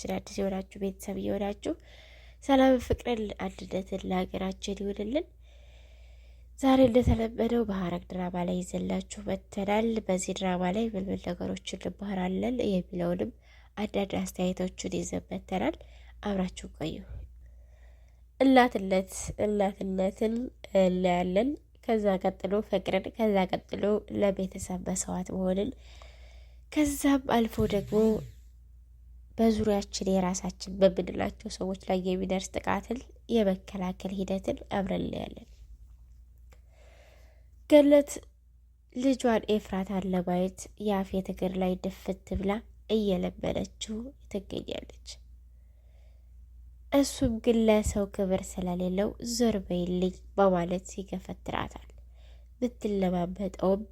ችን አዲስ የሆናችሁ ቤተሰብ እየሆናችሁ ሰላም ፍቅርን አንድነትን ለሀገራችን ይሁንልን። ዛሬ እንደተለመደው በሐረግ ድራማ ላይ ይዘላችሁ መጥተናል። በዚህ ድራማ ላይ ምን ምን ነገሮችን እንባህራለን የሚለውንም አንዳንድ አስተያየቶችን ይዘን መጥተናል። አብራችሁ ቆዩ። እናትነት እናትነትን እናያለን። ከዛ ቀጥሎ ፍቅርን፣ ከዛ ቀጥሎ ለቤተሰብ መስዋዕት መሆንን ከዛም አልፎ ደግሞ በዙሪያችን የራሳችን በምንላቸው ሰዎች ላይ የሚደርስ ጥቃትን የመከላከል ሂደትን አብረለያለን። ገለት ገነት ልጇን ኤፍራታን ለማየት የአፌት እግር ላይ ድፍት ብላ እየለመነችው ትገኛለች። እሱም ግን ለሰው ክብር ስለሌለው ዞር በይልኝ በማለት ይገፈትራታል። ብትለማመጠውም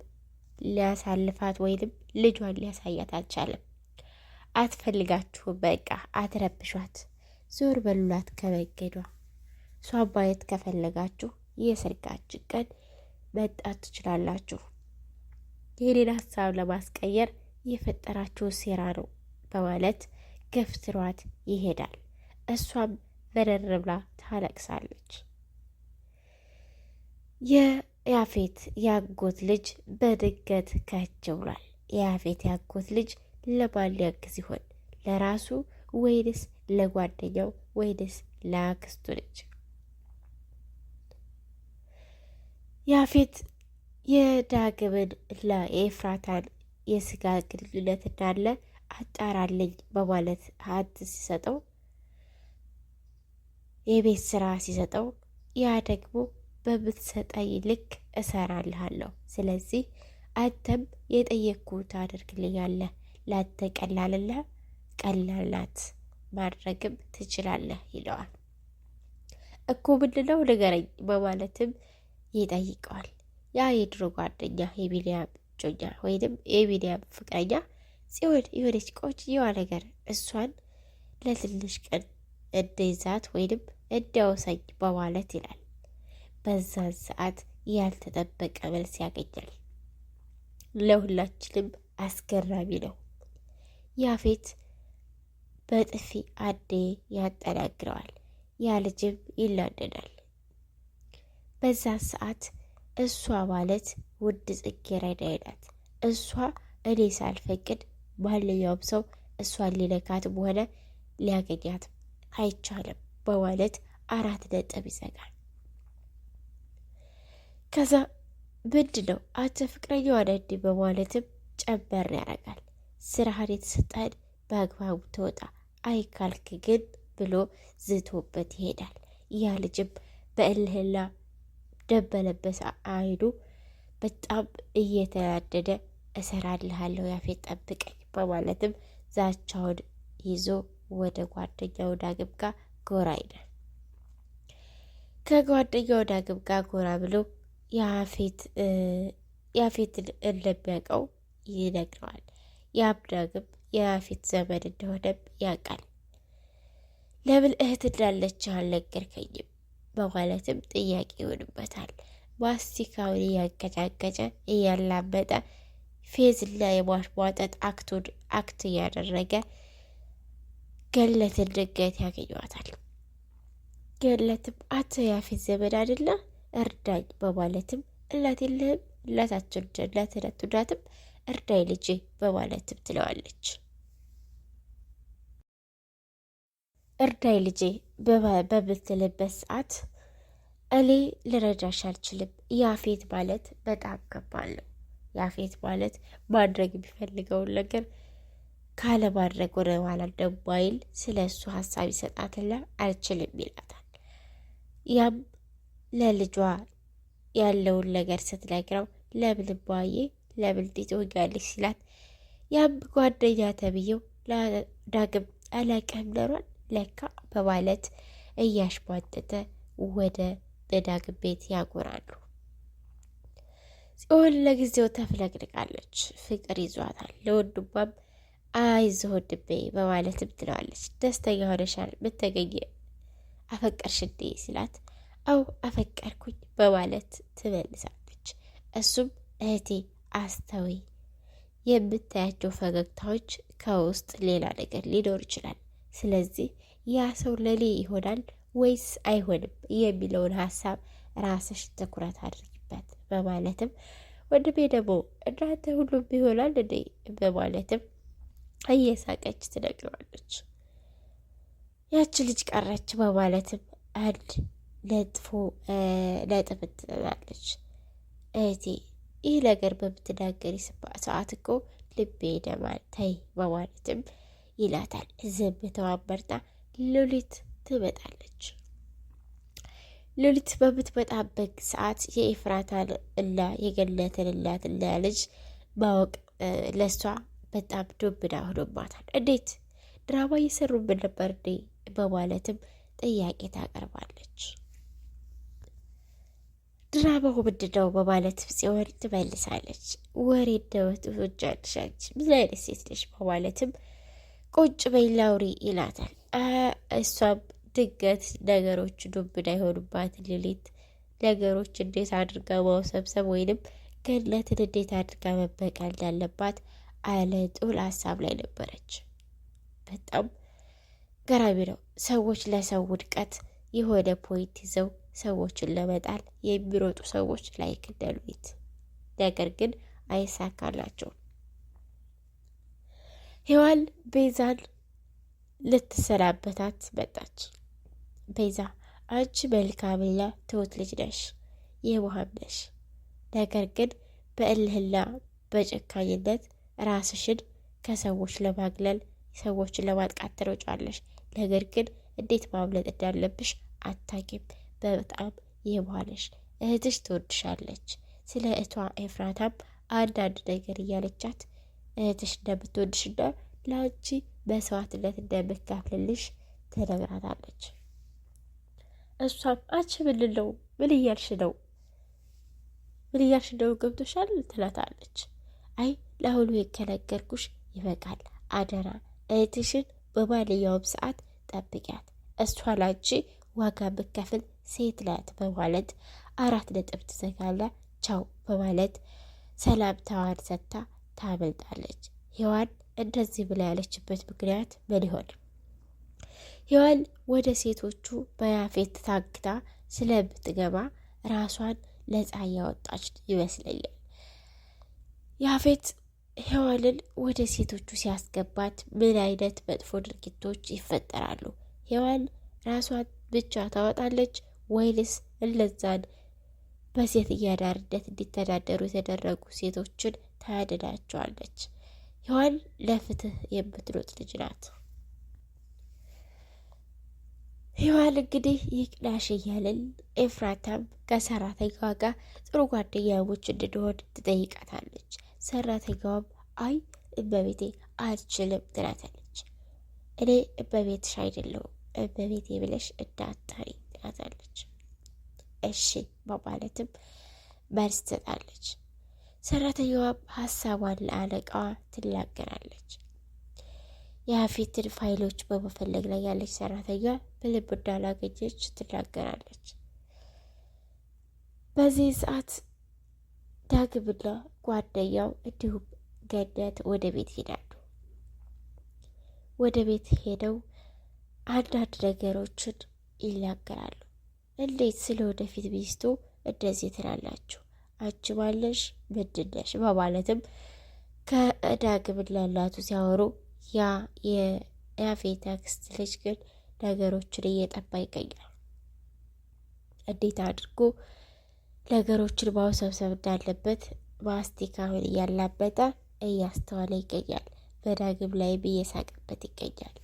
ሊያሳልፋት ወይንም ልጇን ሊያሳያት አልቻለም። አትፈልጋችሁ፣ በቃ አትረብሿት፣ ዞር በሉላት ከመንገዷ። እሷ ማየት ከፈለጋችሁ የሰርጋችሁ ቀን መጣት ትችላላችሁ። የሌላ ሀሳብ ለማስቀየር የፈጠራችሁ ሴራ ነው በማለት ገፍትሯት ይሄዳል። እሷም መረር ብላ ታለቅሳለች። የያፌት ያጎት ልጅ በድገት ከች ብሏል። የያፌት ያጎት ልጅ ለማን ሊያግዝ ይሆን? ለራሱ ወይንስ ለጓደኛው ወይንስ ለአክስቱ ነች? ያፌት የዳግምን እና የኤፍራታን የስጋ ግንኙነት እንዳለ አጣራለኝ በማለት ሀት ሲሰጠው የቤት ስራ ሲሰጠው ያ ደግሞ በምትሰጠኝ ልክ እሰራልሃለሁ። ስለዚህ አንተም የጠየቅኩት አደርግልኛለህ። ላትቀላልላ ቀላል ናት ማድረግም ትችላለህ ይለዋል። እኮ ምንድነው ንገረኝ በማለትም ይጠይቀዋል። ያ የድሮ ጓደኛ የቢንያም እጮኛ ወይንም የቢንያም ፍቅረኛ ጽዮን የሆነች ቆንጆዋ ነገር እሷን ለትንሽ ቀን እንደይዛት ወይንም እንዳወሳኝ በማለት ይላል። በዛን ሰዓት ያልተጠበቀ መልስ ያገኛል። ለሁላችንም አስገራሚ ነው። ያፌት በጥፊ አዴ ያጠናግረዋል። ያ ልጅም ይላደዳል። በዛ ሰዓት እሷ ማለት ውድ ጽጌረዳ ናት። እሷ እኔ ሳልፈቅድ ማንኛውም ሰው እሷን ሊነካትም ሆነ ሊያገኛት አይቻልም በማለት አራት ነጥብ ይዘጋል። ከዛ ምንድ ነው አንተ ፍቅረኛዋ በማለትም ጨመር ያደርጋል። ስራህን የተሰጠህን በአግባቡ ተወጣ፣ አይካልክ ግን ብሎ ዝቶበት ይሄዳል። ያ ልጅም በእልህና ደም በለበሰ አይኑ በጣም እየተናደደ እሰራልሃለሁ ያፌ ጠብቀኝ በማለትም ዛቻውን ይዞ ወደ ጓደኛው ዳግም ጋ ጎራ ይላል። ከጓደኛው ዳግም ጋ ጎራ ብሎ ያፌት ያፌትን እንደሚያውቀው ይነግረዋል። የአብዳግብ የፊት ዘመድ እንደሆነም ያውቃል። ለምን እህት እንዳለች አልነገርከኝም? በማለትም ጥያቄ ይሆንበታል። ማስቲካውን እያንቀጫቀጨ እያላመጠ ፌዝና የማሽሟጠጥ አክቱን አክት እያደረገ ገለትን ድንገት ያገኟታል። ገለትም አቶ ያፌት ዘመድ አይደለ እርዳኝ በማለትም እናት የለህም እናታችን ጀነት እርዳይ ልጄ በማለትም ትለዋለች። እርዳይ ልጄ በምትልበት ሰዓት እኔ ልረዳሽ አልችልም። ያፌት ማለት በጣም ከባለው። ነው። ያፌት ማለት ማድረግ የሚፈልገውን ነገር ካለማድረግ ወደ ኋላ ደባይል ስለ እሱ ሀሳብ ይሰጣትና አልችልም ይላታል። ያም ለልጇ ያለውን ነገር ስትነግረው ለምን ባዬ ለብልጢ ትወጊያለሽ ሲላት ያም ጓደኛ ተብዬው ዳግም አላቀም ነሯን ለካ በማለት እያሽሟጠጠ ወደ ዳግም ቤት ያጎራሉ። ጽዮን ለጊዜው ተፍለቅልቃለች፣ ፍቅር ይዟታል። ለወንድሟም አይዞ ወንድሜ በማለትም ትለዋለች። ደስተኛ ሆነሻል ምተገኘ አፈቀርሽ እንዴ ሲላት አው አፈቀርኩኝ በማለት ትመልሳለች። እሱም እህቴ አስተውይ። የምታያቸው ፈገግታዎች ከውስጥ ሌላ ነገር ሊኖር ይችላል። ስለዚህ ያ ሰው ለሌ ይሆናል ወይስ አይሆንም የሚለውን ሀሳብ ራስሽ ትኩረት አድርጊበት በማለትም ወንድሜ ደግሞ እናንተ ሁሉም ይሆናል እንዴ በማለትም እየሳቀች ትነግረዋለች። ያች ልጅ ቀረች በማለትም አንድ ነጥፎ ነጥብ ትጠናለች እህቴ ይህ ነገር በምትናገሪ ሰዓት እኮ ልቤ ደማል ተይ በማለትም ይላታል። ዝምታዋን መርጣ ሉሊት ትመጣለች። ሉሊት በምትመጣበት ሰዓት የኤፍራታን እና የገነትን እና ልጅ ማወቅ ለእሷ በጣም ዶብና ሆኖባታል። እንዴት ድራማ እየሰሩብን ነበር እንዴ በማለትም ጥያቄ ታቀርባለች። ድራማው ምንድን ነው በማለት ጽዮን ትመልሳለች። ወሬ እንደወትወጃልሻች ምን አይነት ሴት ነሽ በማለትም ቁጭ በይ ላውሪ ይላታል። እሷም ድንገት ነገሮች ዱብ እንዳይሆኑባት ሌሊት ነገሮች እንዴት አድርጋ ማውሰብሰብ ወይንም ገነትን እንዴት አድርጋ መበቀል እንዳለባት አለ ጡል ሀሳብ ላይ ነበረች። በጣም ገራሚ ነው። ሰዎች ለሰው ውድቀት የሆነ ፖይንት ይዘው ሰዎችን ለመጣል የሚሮጡ ሰዎች ላይክ እንደ ነገር ግን አይሳካላቸው። ሔዋን ቤዛን ልትሰናበታት መጣች። ቤዛ አንቺ መልካምና ትሁት ልጅ ነሽ፣ የዋህም ነሽ። ነገር ግን በእልህና በጨካኝነት ራስሽን ከሰዎች ለማግለል ሰዎችን ለማጥቃት ትሮጫለሽ። ነገር ግን እንዴት ማምለጥ እንዳለብሽ አታቂም። በጣም የዋለሽ እህትሽ ትወድሻለች። ስለ እህቷ ኤፍራታም አንዳንድ ነገር እያለቻት እህትሽ እንደምትወድሽና ለአንቺ መስዋዕትነት እንደምትከፍልልሽ ትነግራታለች። እሷም አንቺ ምንለው ምን እያልሽ ነው ምን እያልሽ ነው ገብቶሻል? ትላታለች። አይ ለአሁኑ የከነገርኩሽ ይበቃል። አደራ እህትሽን በማንኛውም ሰዓት ጠብቂያት። እሷ ላንቺ ዋጋ ብከፍል ሴት ናት በማለት አራት ነጥብ ትዘጋለ ቻው በማለት ሰላምታዋን ሰጥታ ታመልጣለች። ሔዋን እንደዚህ ብላ ያለችበት ምክንያት ምን ይሆን? ሔዋን ወደ ሴቶቹ በያፌት ታግታ ስለምትገባ ራሷን ነፃ እያወጣች ይመስለኛል። ያፌት ሔዋንን ወደ ሴቶቹ ሲያስገባት ምን አይነት መጥፎ ድርጊቶች ይፈጠራሉ? ሔዋን ራሷን ብቻ ታወጣለች ወይልስ እለዛን በሴት እያዳርነት እንዲተዳደሩ የተደረጉ ሴቶችን ታያድናቸዋለች? ሔዋን ለፍትህ የምትሮጥ ልጅ ናት። ሔዋን እንግዲህ ይቅናሽ እያልን ኤፍራታም ከሰራተኛዋ ጋር ጥሩ ጓደኛሞች እንድንሆን ትጠይቃታለች። ሰራተኛዋም አይ እመቤቴ አልችልም ትላታለች። እኔ እመቤትሽ አይደለሁም በቤቴ ብለሽ እንዳታይ ትላታለች። እሺ በማለትም መልስ ትሰጣለች። ሰራተኛዋ ሀሳቧን ለአለቃዋ ትናገራለች። የሀፊትን ፋይሎች በመፈለግ ላይ ያለች ሰራተኛ በልብ እንዳላገኘች ትናገራለች። በዚህ ሰዓት ዳግምና ጓደኛው እንዲሁም ገነት ወደ ቤት ሄዳሉ። ወደ ቤት ሄደው አንዳንድ ነገሮችን ይናገራሉ። እንዴት ስለ ወደፊት ሚስቱ እንደዚህ ትላላችሁ? አንቺ ማለሽ ምንድን በማለትም ከዳግም ላላቱ ሲያወሩ ያ የያፌት አክስት ልጅ ግን ነገሮችን እየጠባ ይገኛል። እንዴት አድርጎ ነገሮችን ማውሰብሰብ እንዳለበት ማስቲካውን እያላበጠ እያስተዋለ ይገኛል። በዳግም ላይም እየሳቀበት ይገኛል።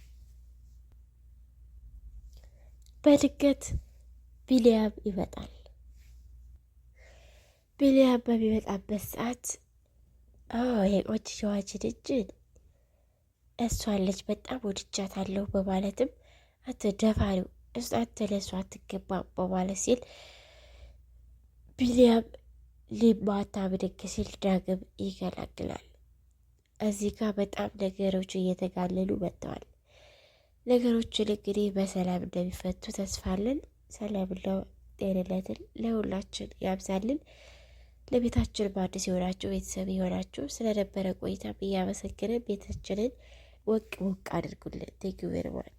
በድገት ቢሊያም ይመጣል። ቢሊያም በሚመጣበት ሰዓት የቆች ሸዋች ድጅን እሷን ልጅ በጣም ወድጃታለሁ በማለትም አንተ ደፋሪው እሱ አንተ ለእሷ አትገባም በማለት ሲል ቢሊያም ሊማታ ብድግ ሲል ዳግም ይገላግላል። እዚህ ጋር በጣም ነገሮች እየተጋለሉ መጥተዋል። ነገሮች እንግዲህ በሰላም እንደሚፈቱ ተስፋለን። ሰላም ለው ጤንነትን ለሁላችን ያብዛልን። ለቤታችን በአዲስ የሆናችሁ ቤተሰብ የሆናችሁ ስለነበረ ቆይታ እያመሰገንን ቤታችንን ወቅ ሞቅ አድርጉልን። ቴንኪዩ ቬሪ ማች